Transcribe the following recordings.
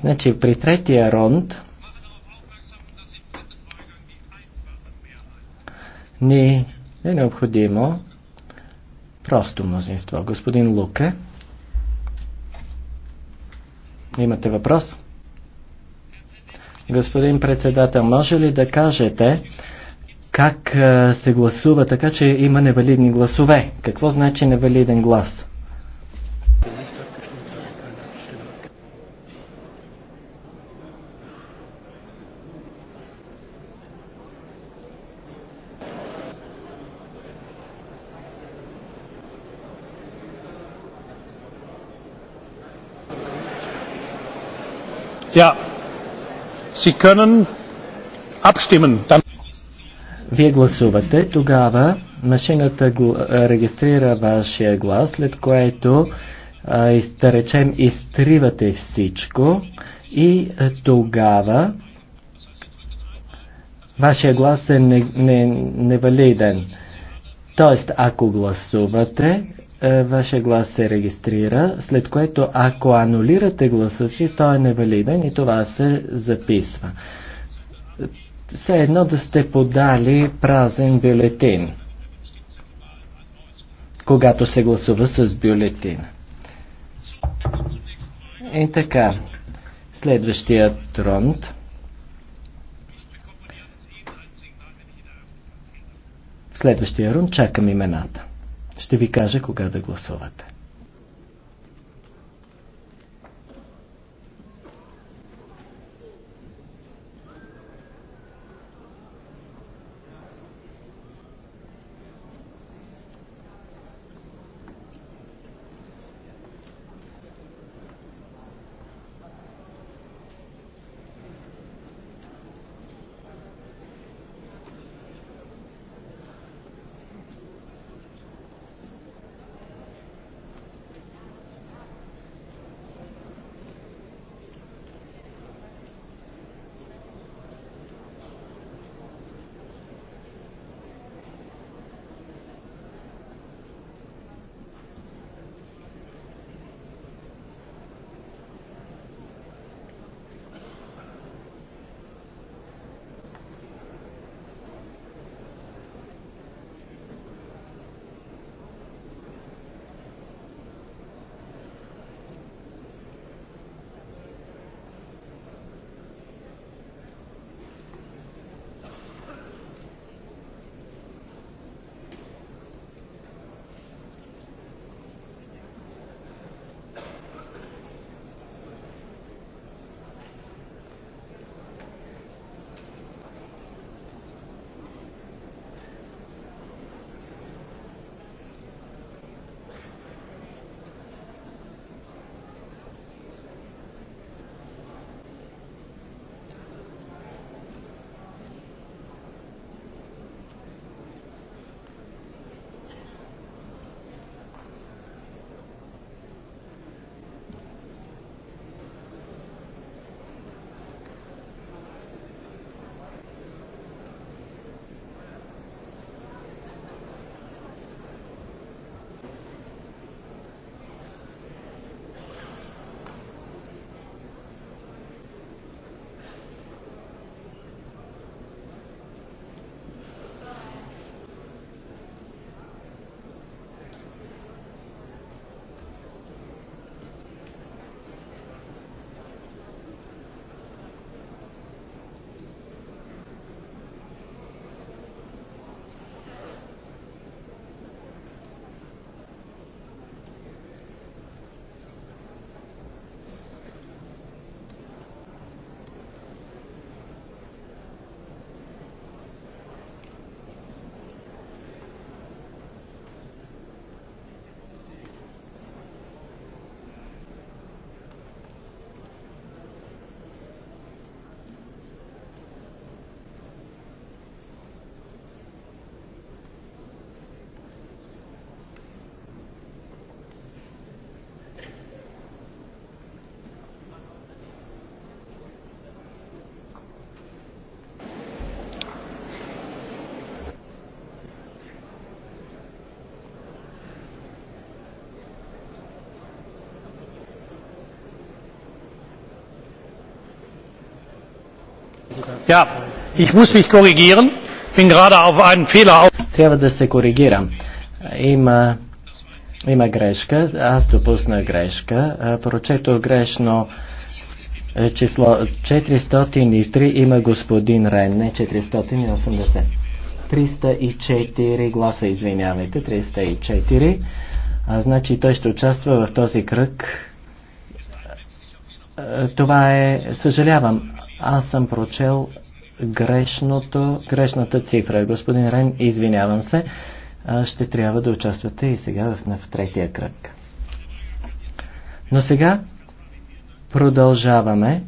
Значи при третия ронд ни е необходимо просто мнозинство. Господин Луке, имате въпрос? Господин председател, може ли да кажете как се гласува така, че има невалидни гласове? Какво значи невалиден глас? Ja. Sie können abstimmen. Dann... Вие гласувате, тогава машината регистрира вашия глас, след което а, да речем, изтривате всичко и тогава вашия глас е невалиден. Не, не Тоест, ако гласувате, е, вашия глас се регистрира, след което ако анулирате гласа си, той е невалиден и това се записва. Все едно да сте подали празен бюлетин, когато се гласува с бюлетин. И така, следващият рунд. В следващия рунд чакам имената. Ще ви кажа кога да гласувате. Ja, ich muss mich korrigieren. Bin gerade auf einen Fehler Трябва да се коригирам. Има, има грешка. Аз допусна грешка. Е, Прочето грешно е, число 403 има господин Рен, не 480. 304 гласа, извинявайте, 304. А, значи той ще участва в този кръг. Е, това е, съжалявам, аз съм прочел грешното, грешната цифра. Господин Рен, извинявам се, ще трябва да участвате и сега в, в третия кръг. Но сега продължаваме.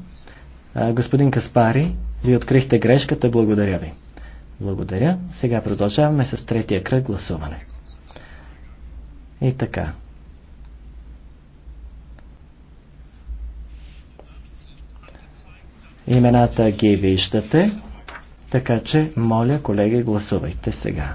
Господин Каспари, ви открихте грешката, благодаря ви. Благодаря. Сега продължаваме с третия кръг гласуване. И така. Имената ги виждате, така че моля колеги гласувайте сега.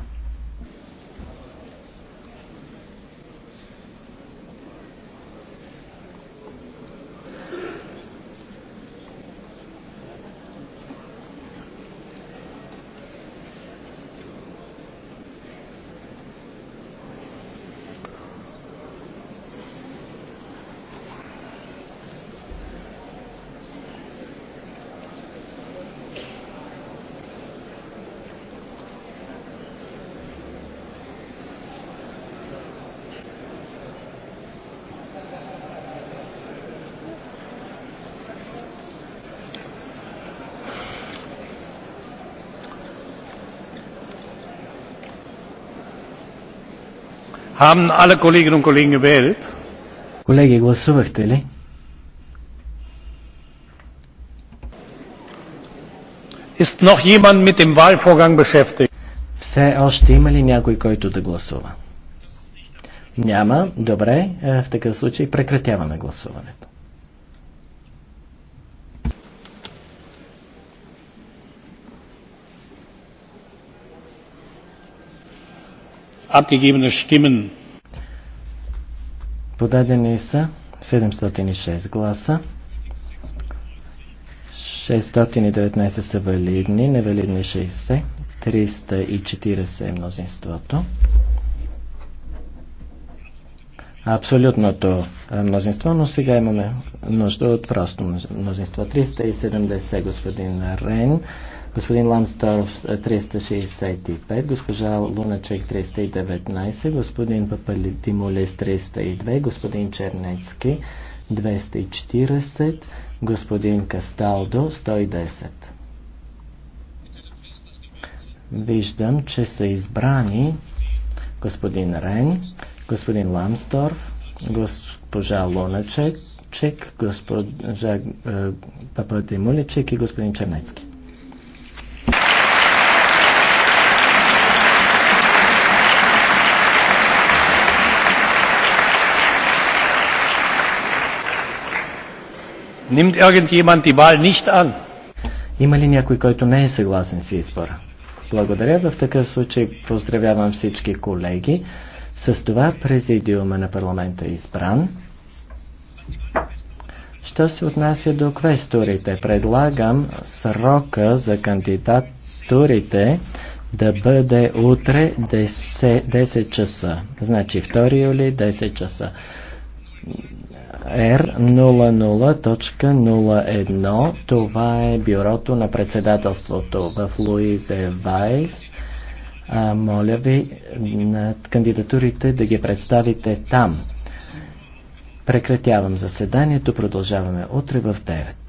Haben alle Kolleginnen und Kollegen gewählt? Колеги, гласувахте ли? Ist noch jemand mit dem Wahlvorgang beschäftigt? Все още има ли някой, който да гласува? Няма. Добре. Е, в такъв случай прекратяваме гласуването. abgegebene Stimmen. Подадени са 706 гласа. 619 са валидни, невалидни 60, 340 е мнозинството. Абсолютното е, мнозинство, но сега имаме нужда от просто мнозинство. 370 господин Рен, господин Ламсторов 365, госпожа Луначек 319, господин Папалитимолес 302, господин Чернецки 240, господин Касталдо 110. Виждам, че са избрани господин Рен, господин Ламсторф, госпожа Луначек, госпожа е, Пападимуличек и господин Чернецки. Nimmt irgendjemand die Wahl nicht an? Има ли някой, който не е съгласен с избора? Благодаря. В такъв случай поздравявам всички колеги. С това президиума на парламента е избран. Що се отнася до квесторите, предлагам срока за кандидатурите да бъде утре 10, 10 часа. Значи 2 юли 10 часа. R00.01. Това е бюрото на председателството в Луизе Вайс. А, моля ви над кандидатурите да ги представите там. Прекратявам заседанието. Продължаваме утре в 9.